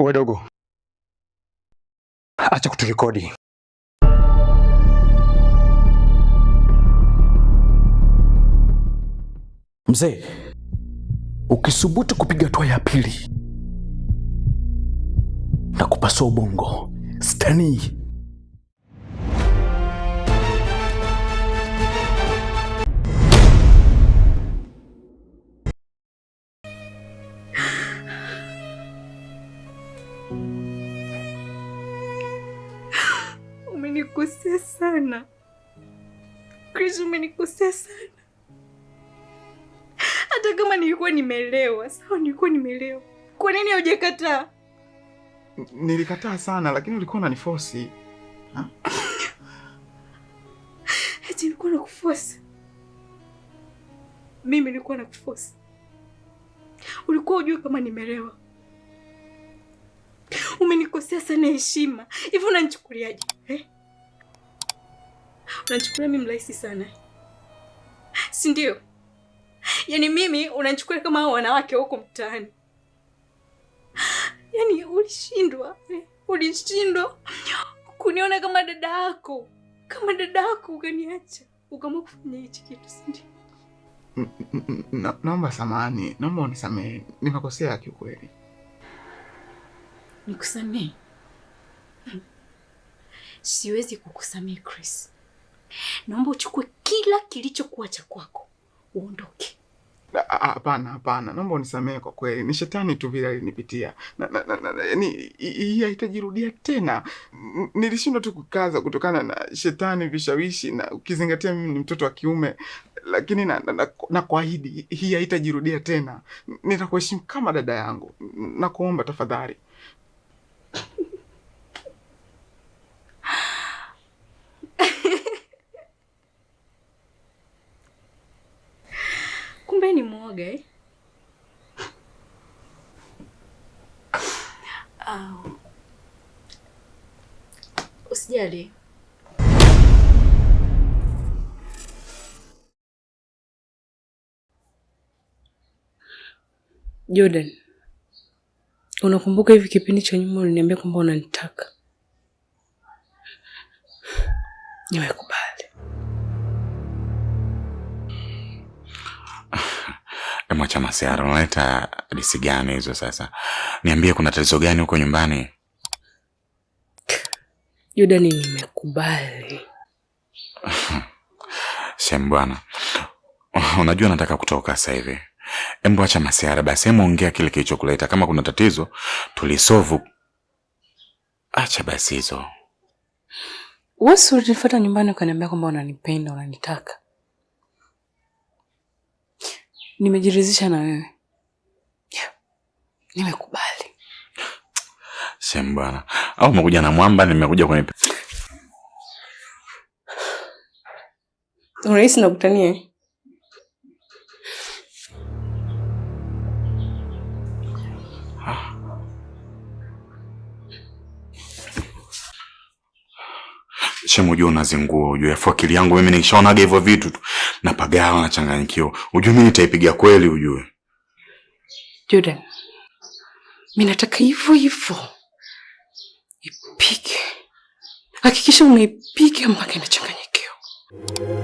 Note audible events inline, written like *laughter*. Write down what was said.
Wewe dogo, acha kuturekodi. Mzee, ukisubutu kupiga hatua ya pili na kupasua ubongo stani umenikosea sana Chris, umenikosea sana. Hata kama nilikuwa nimelewa, sawa, nilikuwa nimelewa. Kwa nini haujakataa? Nilikataa sana, lakini ulikuwa unaniforce. Eti nilikuwa na kufosi? Mimi nilikuwa na kufosi? Ulikuwa ujue kama nimelewa? Umenikosea sana heshima, hivi unanichukuliaje eh? Unanichukulia mimi mrahisi sana, si ndio? Yaani mimi unanichukulia kama hao wanawake huko mtaani. Yaani ulishindwa, eh, ulishindwa kuniona kama dada yako, kama dada yako, ukaniacha ukaamua kufanya hichi kitu, si ndio? naomba samahani, naomba unisamehe, nimekosea kiukweli. Nikusamehe? Hmm. Siwezi kukusamehe Chris. Naomba uchukue kila kilichokuwa cha kwako uondoke. Ah, ah, hapana, hapana, naomba unisamehe kwa kweli, ni shetani tu vile alinipitia, yaani hii haitajirudia tena. Nilishindwa tu kukaza kutokana na shetani, vishawishi, na ukizingatia mimi ni mtoto wa kiume, lakini na, na, na, na kuahidi hii haitajirudia tena. Nitakuheshimu kama dada yangu, nakuomba tafadhali. wewe ni mwoga eh? Oh. Usijali. Jordan, unakumbuka hivi kipindi cha nyuma uliniambia kwamba unanitaka? Nimekubali. Mwalimu wa chama siara, unaleta disi gani hizo sasa? Niambie, kuna tatizo gani huko nyumbani? Yudani, nimekubali *laughs* shem bwana. Unajua nataka kutoka sasa hivi. Embo acha masiara basi, hebu ongea kile kilichokuleta. Kama kuna tatizo tulisovu, acha basi hizo. Wewe ulinifuata nyumbani ukaniambia kwamba unanipenda, unanitaka nimejiridhisha na wewe yeah. Nimekubali sehemu bwana, au umekuja na mwamba, nimekuja kwenye urahisi nakutania Shemu, unazingua ujue, afu akili yangu mimi nikishaonaga hivyo vitu tu napagawa, nachanganyikiwa. Ujue mi nitaipiga kweli, ujue Jordan, mi nataka hivyo hivyo ipige. Hakikisha unaipike mpaka inachanganyikiwa.